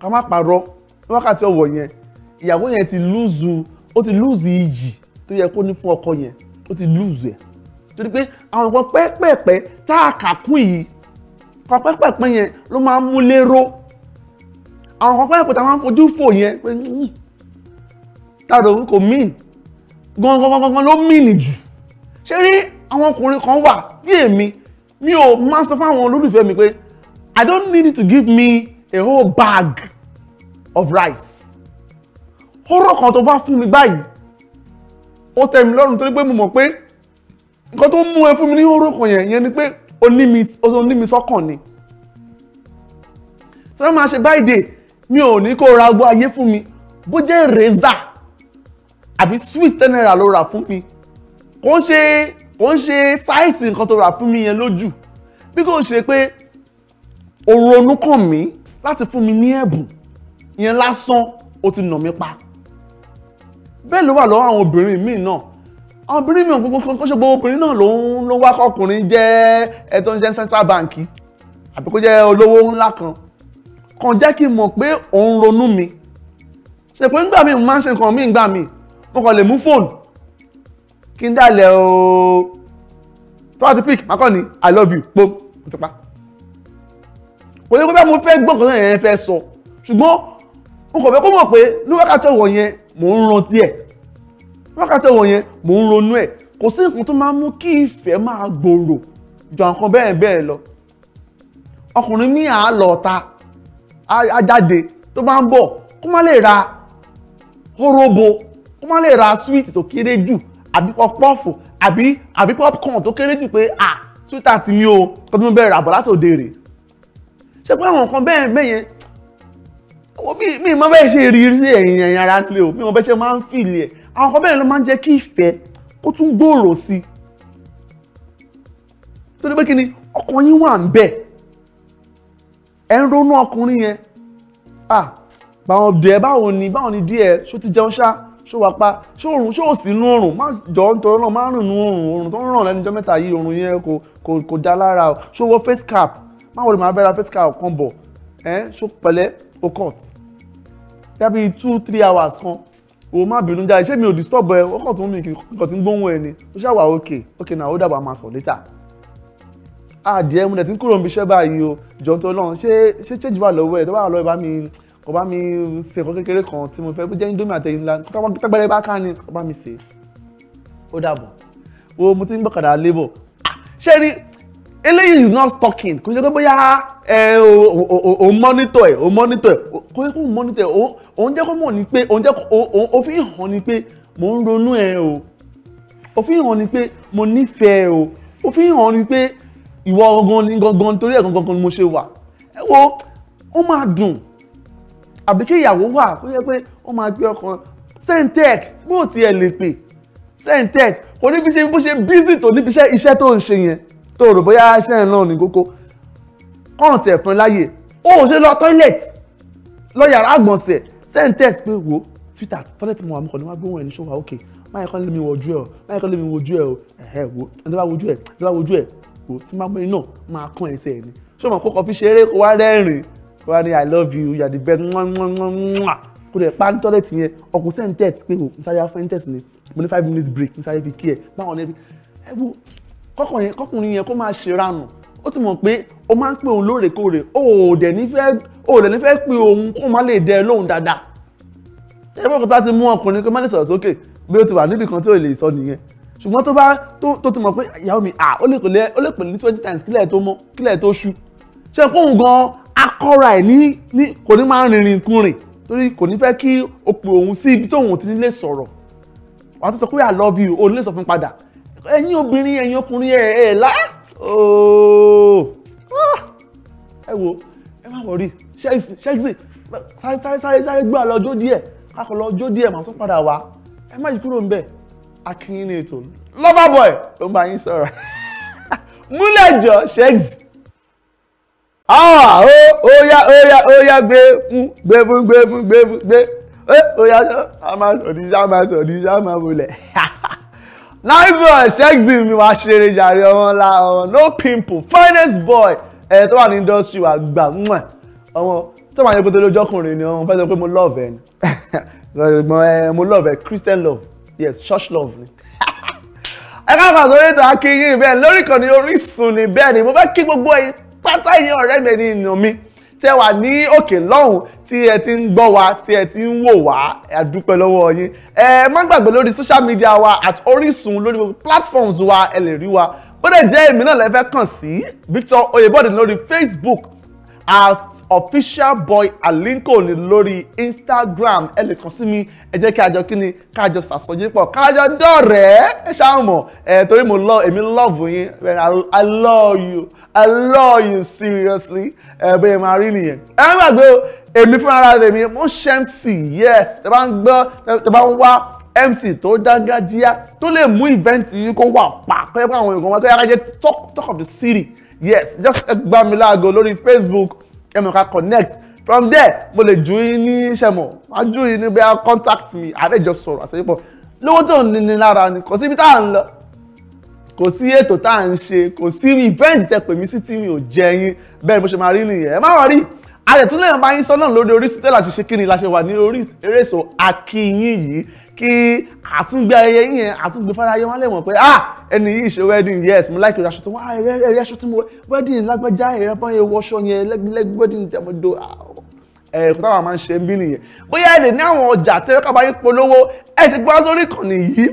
ká má parọ́ ní wákàtí ọ̀wọ̀ yẹn ìyàwó yẹn ti lùzù ó ti lùzù iyì tó yẹ kó ní fún ọkọ yẹn ó ti lùzù ẹ̀ torí pé àwọn nǹkan pẹ́pẹ̀pẹ́ tá a kà kún yìí nǹkan pẹ́pẹ̀pẹ́ yẹn ló máa ń mú lérò àwọn nǹkan pẹ́pẹ̀pẹ́ tá a máa ń fojú fò yẹn pé hmm, tá a rò kò mean gangan gangan ló mean jù ṣé rí àwọn ọkùnrin kan wà bí èmi mi ò máa sọ fáwọn olólùfẹ́ mi pé I don't need to give me a whole bag of rice ọ̀rọ̀ kan tó bá fún mi báyìí ó tẹ́ mi lọ́rùn torí pé mo mọ̀ pé nǹkan tó mú ẹ fún mi ní orókàn yẹn yẹn ni pé o ní mi sọ́kàn ni tí wọ́n ṣe báyìí dé mi ò ní kó ra ọgbọ́n ayé fún mi bó jẹ́ reza àbí swiss ten naira ló rà fún mi kò ń ṣe kò ń ṣe sáìsì nǹkan tó rà fún mi yẹn lójú bí kò ṣe pé o ronú kàn mí láti fún mi ní ẹ̀bùn yẹn lásán o ti nà mí pa bẹ́ẹ̀ ló wà lọ́wọ́ àwọn obìnrin míì náà obìnrin mi ò gbogbo kó ṣe gbogbo obìnrin náà ló ń ló wá kọkùnrin jẹ́ ẹ tó ń jẹ́ central bank àbí kó jẹ́ olówó ńlá kan kàn jẹ́ kí n mọ̀ pé òun ronú mi ṣe pé ńgbà mi máa ń ṣe nǹkan mi ńgbà mi mo kàn lè mú fóònù kí n dálẹ̀ ooo tó bá má kàn ní i love you pom mo ti pa kò ní kó bá mo fẹ́ gbọ́ nǹkan náà yẹn fẹ́ sọ ṣùgbọ́n n kò fẹ́ kó mọ̀ pé ní wákàtí ọ̀wọ̀ yẹn mò ń rántí ẹ̀ wákàtí ọ̀wọ̀n yẹn mò ń ronú ẹ̀ kò sí nǹkan tó máa ń mú kí ìfẹ́ máa gbòòrò jọ nǹkan bẹ́ẹ̀ bẹ́ẹ̀ lọ ọkùnrin mi à á lọ ta á jáde tó bá ń bọ̀ kó má lè ra horobo kó má lè ra swiiti tó kéré jù àbí pọfupọfu àbí àbí popcorn tó kéré jù pé à sweeter ti mi o kó tó bẹ̀rẹ̀ àbọ̀ láti òde rè ṣé pé àwọn nǹkan bẹ́ẹ̀ bẹ́ẹ̀ yẹn mi ì mọ bẹ́ẹ̀ ṣe rí sí ẹ̀yìn ẹ̀yìn ara nílé o mi ì mọ bẹ́ẹ̀ ṣe máa ń fìlì ẹ̀ àwọn ọkọ bẹ́ẹ̀ ló máa ń jẹ́ kí ìfẹ́ kó tún gbòòrò sí i torí pé kí ni ọkọ yín wà ń bẹ̀ ẹ̀ ń ronú ọkùnrin yẹn ah báwọn dẹ̀ báwo ni báwo ni díẹ̀ ṣó ti jẹun ṣá ṣó wà pa ṣó òrùn ṣó ò sí inú òrùn má jọ ń tọrọ náà má rìn inú òrùn òrùn tó ń ràn lẹ́nu ọjọ́ mẹ́ta yìí òrùn yẹn kò kò kò dá lára o ṣó wọ face cap má wọlé màá bẹ́ra face cap kan bọ̀ ẹ̀ ṣó pẹ̀lẹ́ o cut yàbí two three hours kan o má bínú jáde ṣé mi ò disturb ẹ ó kàn tún mi nǹkan tí ń gbóhùn ẹ ni ó ṣàwà okay okay náà ó dàbọ̀ àmà sọ̀ later. adìẹ ah, mo dẹ̀ ti ń kúrò níbi iṣẹ́ báyìí o jọ̀ọ́ tó lọ́run ṣé ṣé change wà lọ́wọ́ ẹ̀ tó bá wà lọ́wọ́ ẹ bá mi kò bá mi ṣe nǹkan kékeré kan tí mo fẹ́ bó jẹ́ indomie àtẹ̀yìn ńlá tágbẹ́rẹ́ bá ká ni kò bá mi ṣe. ó dàbọ̀ wo mo ti ń gbọ́kadà lébọ̀ ah, ṣé rí eléyìí is not stalking kò ṣe pé bóyá ẹ o o o monitor ẹ o monitor ẹ kò ṣe pé o monitor ẹ òun jẹ́ kó mọ̀ ní pé òun jẹ́ kó o fi hàn ní pé mò ń ronú ẹ o o fi hàn ní pé mo nífẹ̀ẹ́ o o fi hàn ní pé ìwọ gangan ni gangan torí ẹ̀ gangan ni mo ṣe wà ẹ wo ó máa dùn àbí kí ìyàwó wà kó ṣe pé ó máa gbé ọkàn send text bó tiẹ̀ lè pè send text kò ní fi ṣe bó ṣe busy tó níbi iṣẹ́ tó ń ṣe yẹn tó rò bóyá iṣẹ́ ẹ̀ náà ní kókó kọ́ràn tiẹ̀ fún ẹ láàyè ó ṣe lọ toilet lọ yàrá àgbọ̀nsẹ̀ sentence pé wo twitter àti toilet mo wà mọ́kàn ní wá gbóhùn ẹ̀ ní ṣọ́wà okay máyẹ̀ kọ́ lé mi wojú ẹ̀ o máyẹ̀ kọ́ lé mi wojú ẹ̀ o ẹ̀hẹ́ wo ẹni tó bá wojú ẹ̀ tó bá wojú ẹ̀ wo tí máa mẹ́rin náà máa kán ẹsẹ̀ ẹ̀ ni ṣé o mọ̀ kó kọfí ṣeré kó wá rẹ́rìn kó wá ní i love you you are the best mwah kó lè pa ní tọ́lẹ̀tì yẹn ọkùnrin sentence pé o n sáré afẹ́ntẹ̀sì ni mo ní five minutes break n sáré fi kí ẹ báwọn ẹbí ẹ wo kọkùnrin yẹn kó máa ṣèrànù ó ti mọ̀ pé o máa ń pè òun lóòrèkóòrè o ò dẹ̀ ní fẹ́ o ò dẹ̀ ní fẹ́ pè òun kó má lè dẹ lóhùn dáadáa ẹ bọ́ kọ́tà ti mú ọkùnrin kó má lè sọ̀rọ̀ sókè bí ó ti wà níbì kan tí ò lè sọ nìyẹn ṣùgbọ́n tó bá tó ti mọ̀ pé ìyàwó mi à ó lè pè ní twenty times kílẹ̀ tó mọ́ kílẹ̀ tó ṣú ṣe kóhùn gan akọ́ra ẹ̀ ní kò ní máa rìnrìn kúrìn torí kò ní fẹ́ kí o pè òun sí ibi tóun ò ti ní lè sọ̀rọ̀ wàá tó sọ pé I love you òun lè sọ fún padà ẹ̀yin obìnrin ẹ̀yin ọkùnrin ẹ̀ ẹ̀ lá ah. ẹ wo ẹ má wọrí ṣẹ́ẹ̀sì sáré sáré sáré sáré gbà lọ jó díẹ̀ kakọ̀ lọ jó díẹ̀ màá tún padà wá ẹ má yí kúrò ń bẹ̀ akínyìn ní ètò Loverboy ló ń bá yín sọ̀rọ̀ múlẹ̀ jọ ṣẹ́ẹ̀sì ah, ó yá ó yá ó yá gbé fún gbé fún gbé fún gbé fún gbé ó yá ṣọ́ àmà sọ̀dí ṣá máa sọ̀dí ha. nice boy shexin mi wàá ṣeré jàre ọmọ ńlá ọmọ no pimple finest boy ẹ tó wà ní industry wa gbà mwẹ ọmọ tó máa yẹ pété lójọkùnrin ni ọmọ fẹ́ sọ pé mo love ẹ ni mo love ẹ christian love yes church love ni ẹ káàkiri àtọ́rí ètò akínyìn bẹ́ẹ̀ lórí kan ní Orísun ni bẹ́ẹ̀ ni mo fẹ́ kí gbogbo ẹ̀yin pátá ẹ̀yin ọ̀rẹ́ mi ẹni ìyàn mi tẹ́ wà ní òkè lọ́hùn tí ẹ ti ń gbọ́ wa tí ẹ ti ń wò wá a dúpẹ́ lọ́wọ́ yín ẹ má gbàgbé lórí social media wa at Orísun lórí gbogbo platforms wa ẹ lè rí wa bó dẹ̀ jẹ́ èmi náà lẹ́fẹ́ kàn sí Victor Oyèbọ̀dé lórí Facebook at official boy alinko ni lórí instagram ẹ lè kàn sí mi ẹ jẹ́ kí a jọ kí ni ká jọ ṣàsọjí pọ̀ ká jọ dọ̀rẹ́ ẹ ṣáà mọ̀ ẹ torí mo love èmi love yín i love you i love you seriously ẹ bẹ́ẹ̀ máa rí nìyẹn. ẹ má gbàgbé o èmi fúnra ara tèmi mo ṣe mc yes ẹ bá ń gbọ́ ẹ bá ń wá mc tó dángájíá tó lè mú ìvẹ́ǹtì yín kó wà pa kó yẹ kó àwọn èèyàn wọn kó yẹ ká jẹ́ talk of the city yes just ẹ gbá mi láago lórí facebook ẹ mọ̀ ká connect from there mo lè ju yín ní sẹ́mọ̀ máa ju yín ní bí i contact me àdéjọ sọ̀rọ̀ àṣeyọpọ̀ lówó tó ń ní lára ni kò síbi tá à ń lọ kò sí ètò tá à ń ṣe kò sí event tẹ pè mí sí tí mi ò jẹ yín bẹ́ẹ̀ ni mo ṣe máa rí nìyẹn ẹ má wọ̀ rí àyẹ̀túnlẹ̀ bá yín sọ náà lórí Orísun tẹ́lẹ̀ àṣìṣe kí ni la wà ní orí erésò Àkíìyín yìí kí àtúngbé ayẹyẹ yìí yẹn àtúngbé fáráyé wọn lẹ́wọ̀n pé ah ẹni yìí ṣe wedding yes mo like ìrẹsọ tó wá ẹrẹ aṣọ tí mo wedding lágbájá ẹrẹ bá yẹn wọṣọ yẹn lẹ́gbẹ̀lẹ́gbẹ̀ wedding tẹ̀mọ́dọ̀ ah, ẹ̀kọ́ táwọn máa ń ṣe ń bí nìyẹn bóyá ẹ lè ní àwọn ọjà tẹ́wọ́ kábàáyé polówó ẹ sì gbọ́ sórí ìkànnì yìí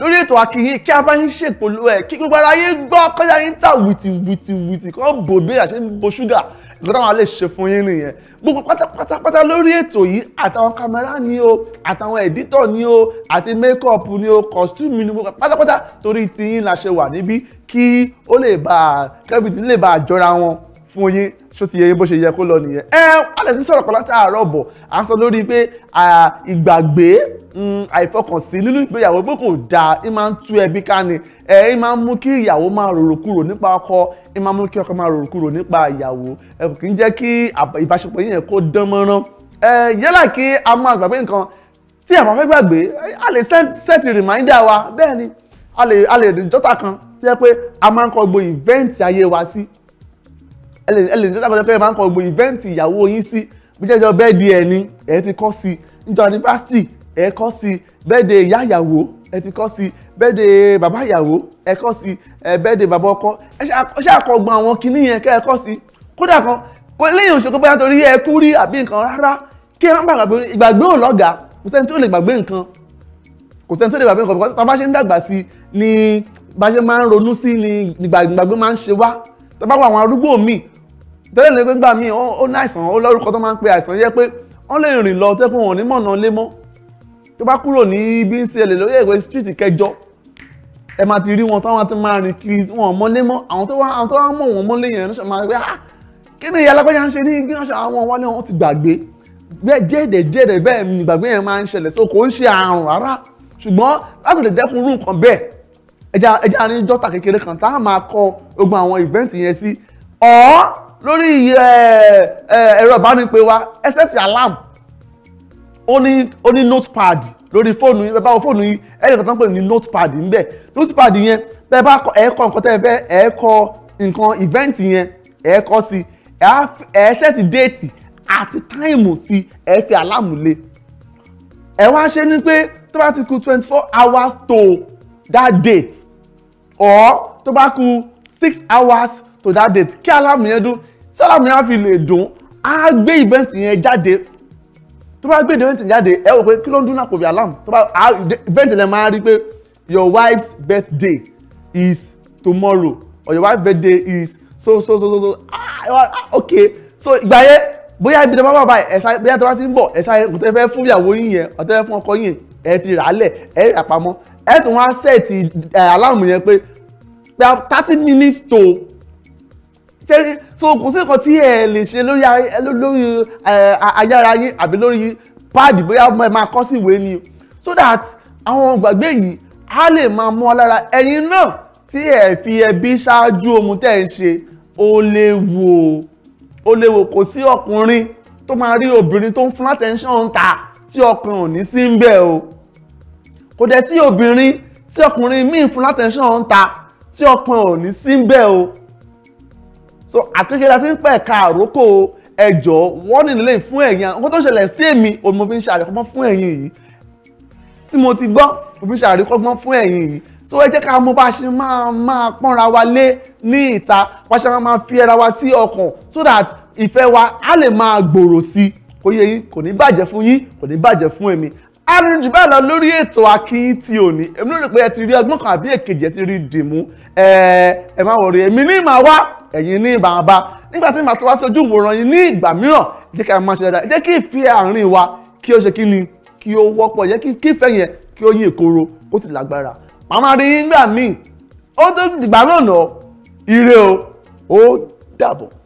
lórí ètò àkìyìn kí a bá yín ṣèpolówó ẹ̀ kí gbogbo ara yín gbọ́ kọ́jà yín tà wìtì wìtì wìtì kọ́ bò bí àṣẹ ń bo ṣúgà ìgbọ́dọ̀ wọn lè ṣe fún yín nìyẹn gbogbo pátápátá lórí ètò yìí àtàwọn kámẹ́rà ni o àtàwọn ẹ̀dítọ̀ ni o àti mékọ́ọ̀pù ni o kọ̀stúmù ni gbogbo pátápátá torí tiyín la ṣe wà níbí kí ó lè bá kẹ́bìtì lè bá jọra wọn fún yín ṣó ti yẹ yín bó ṣe yẹ kó lọ nìyẹn ẹ alẹ sí sọ̀rọ̀ kan láti àárọ̀ bọ̀ à ń sọ lórí pé ìgbàgbé mm, àìfọkànsí nínú ìgbéyàwó pé kò dáa ẹ máa ń tú ẹbí ká ni ẹ ẹ máa ń mú kí ìyàwó máa rorò kúrò nípa ọkọ ẹ máa ń mú kí ọkọ máa rorò kúrò nípa ìyàwó ẹ kò kí ń jẹ́ kí ìbáṣepọ̀ yín kó dán mọ́rán ẹ yálà kí a máa gbàgbé nǹkan tí àbá fẹ́ gbàgbé a lè set reminder wa bẹ́ẹ̀ ni a lè jọ́ta kan tí ẹ pé a máa ń kọ gbogbo ìvẹ́ǹtì ayé wa sí ẹlẹ́ni tó sàkóso pé ẹ máa ń kọ gbogbo ìvẹ́ǹtì ìyàwó yín sí bí jẹ́jọ́ bẹ́ẹ̀dì ẹ̀ ni ẹ ti kọ́ sí níjọ́ anniversary ẹ kọ́ sí bẹ́ẹ̀dì ìyá ìyàwó ẹ ti kọ́ sí bẹ́ẹ̀dì bàbá ìyàwó ẹ kọ́ sí bẹ́ẹ̀dì bàbá ọkọ ẹ ṣàkọ gbọ́n àwọn kinní yẹn kẹ́ ẹ kọ́ sí kódà kan lẹ́yìn òṣèkó bóyá torí ẹ kú rí àbí nǹkan rárá kí ẹ má gbàgbé ìgbàgbé ò lọ́gàá kò sẹ́ni tó lè gbàgbé nǹkan kò sẹ́ni tó lè gbàgbé nǹkan bí wọ́n bá ṣe ń dàgbà sí ni bá ṣe máa ń ronú sí ni ìgbàgbé máa ń ṣe tó bá wọ àwọn arúgbó míì tẹ́lẹ̀ lẹ́gbẹ́ gbà míì ó ní àìsàn ó lórúkọ tó máa ń pe àìsàn yẹ pé wọ́n lè rìn lọ tẹ́kùn wọn ní mọ̀nà lé mọ́ tó bá kúrò ní ibi ń ṣẹlẹ̀ lórí ẹ̀gbẹ́ street kẹjọ ẹ máa ti rí wọn táwọn ti máa rìn kiri wọn mọ́lé mọ́ àwọn tó wá mọ̀ wọn mọ́lé yẹn ló ṣe máa gbé ah kí ni ìyá alágbájá ń ṣe ní bí wọ́n ṣe àwọn wálé wọn ti gbàgbé jẹ́ẹ̀dẹ̀ jẹ́ẹ̀dẹ̀ bẹ́ẹ̀ ni ìgbàgbé yẹn máa ń ṣẹlẹ̀ so kò ń ṣe àrùn rárá ṣùgbọ́n láti lè dẹ́kun irú nǹkan bẹ́ẹ̀ ẹja ní jọ́tà kékeré kan tá a máa kọ gbogbo àwọn ìvẹ́ǹtì yẹn sí ọ̀ lórí ẹ̀rọ ìbánipẹ wa ẹ alarm ó ní ó ní notepad lórí fóònù yín bá wọ fóònù yín ẹ̀rọ kan tó ń pè ní notepad ńbẹ̀ notepad yẹn bẹ́ẹ̀ bá kọ ẹ̀ẹ́kọ nǹkan tẹ́ ẹ fẹ́ ẹ̀ẹ́kọ nǹkan ìvẹ́ǹtì yẹn ẹ̀ẹ́kọ sí ẹ̀ẹ́ set déètì àti táìmù sí ẹ̀ẹ́ fi aláàmù lé ẹ̀ wá ṣe ni pé tó bá ti kù twenty four hours tó that date or tó bá kù six hours to that date kí aláàmù yẹn dún tí aláàmù yẹn á fi lè dún á gbé event yẹn jáde tó bá gbé event yẹn jáde ẹ wò pé kí ló ń dún náà kò bí aláàmù tó bá event yẹn máa rí pé your wife's birthday is tomorrow or your wife's birthday is so so so so so ah, ah, ah okay so ìgbà yẹn bóyá ibi tó bá wà báyìí ẹ̀sà bóyá tó bá ti ń bọ̀ ẹ̀sà yẹn kò tẹ́ fẹ́ fún ìyàwó yín yẹn ọ̀tẹ́ fẹ́ fún ọkọ yín ẹ̀ ti rà á lẹ̀ ẹ̀ rà pamọ́ ẹ tún wá sẹ́ẹ̀tì eh, aláàmù yẹn pé thirty minutes to ṣeré so kò sí nǹkan tí ẹ lè ṣe lórí eh, lórí eh, ayára yín àbí lórí páàdì bóyá ẹ máa kọ sí ìwé ni so that àwọn gbàgbé yìí á lè máa mú ọ lára ẹ̀yin náà tí ẹ fi ẹbí ṣáájú ohun tẹ́ ẹ ń ṣe ó léwu ó léwu kò sí ọkùnrin tó máa rí obìnrin tó ń fún attention ń ta tí ọkàn ò ní sí ń bẹ̀ o kò dẹ̀ sí obìnrin tí ọkùnrin míì fún látẹ̀sán ń ta tí ọkùnrin ò ní sí ń bẹ̀ o so àkékè la ti ń pẹ̀ ka àrókò ẹjọ́ wọ́n nílò lè fún ẹ̀yin nǹkan tó ṣẹlẹ̀ sí èmi òun mo fi ń ṣàríkọ́gbọ́n fún ẹ̀yin yìí tí mo ti gbọ́ mo fi ń ṣàríkọ́gbọ́n fún ẹ̀yin yìí so ẹ jẹ́ ká mọ bá ṣe máa máa pọ́nra wa lé ní ìta wá ṣe máa fi ẹra wa sí ọkàn so that ìfẹ́ wa á lè máa gbòòrò sí i kò yẹ yín kò ní bàjẹ́ fún yín kò ní bàjẹ́ fún èmi arìnrìn jù bẹ́ẹ̀ lọ lórí ètò akínyìn tí ò ní èmi ló rò pé ẹ ti rí ọgbọ́n kan àbí èkejì ẹ ti rí dìmú ẹ ẹ má wọrí èmi ní ìmọ̀ wá ẹ̀yin ní ìmọ̀ àbá nígbà tí màá tó wá sí ojú ìwòran yìí ní ìgbà mìíràn jẹ́ kí a máa ṣe dáadáa jẹ́ kí ìfẹ́ àárín wa kí ó ṣe kí ni kí ó wọ́pọ̀ yẹ kí ìfẹ́ yẹn kí ó yí ìkoro ó sì lágbára màmá rí yín gbà míì ó tó dìgbà náà nà ire o ó dàbọ̀.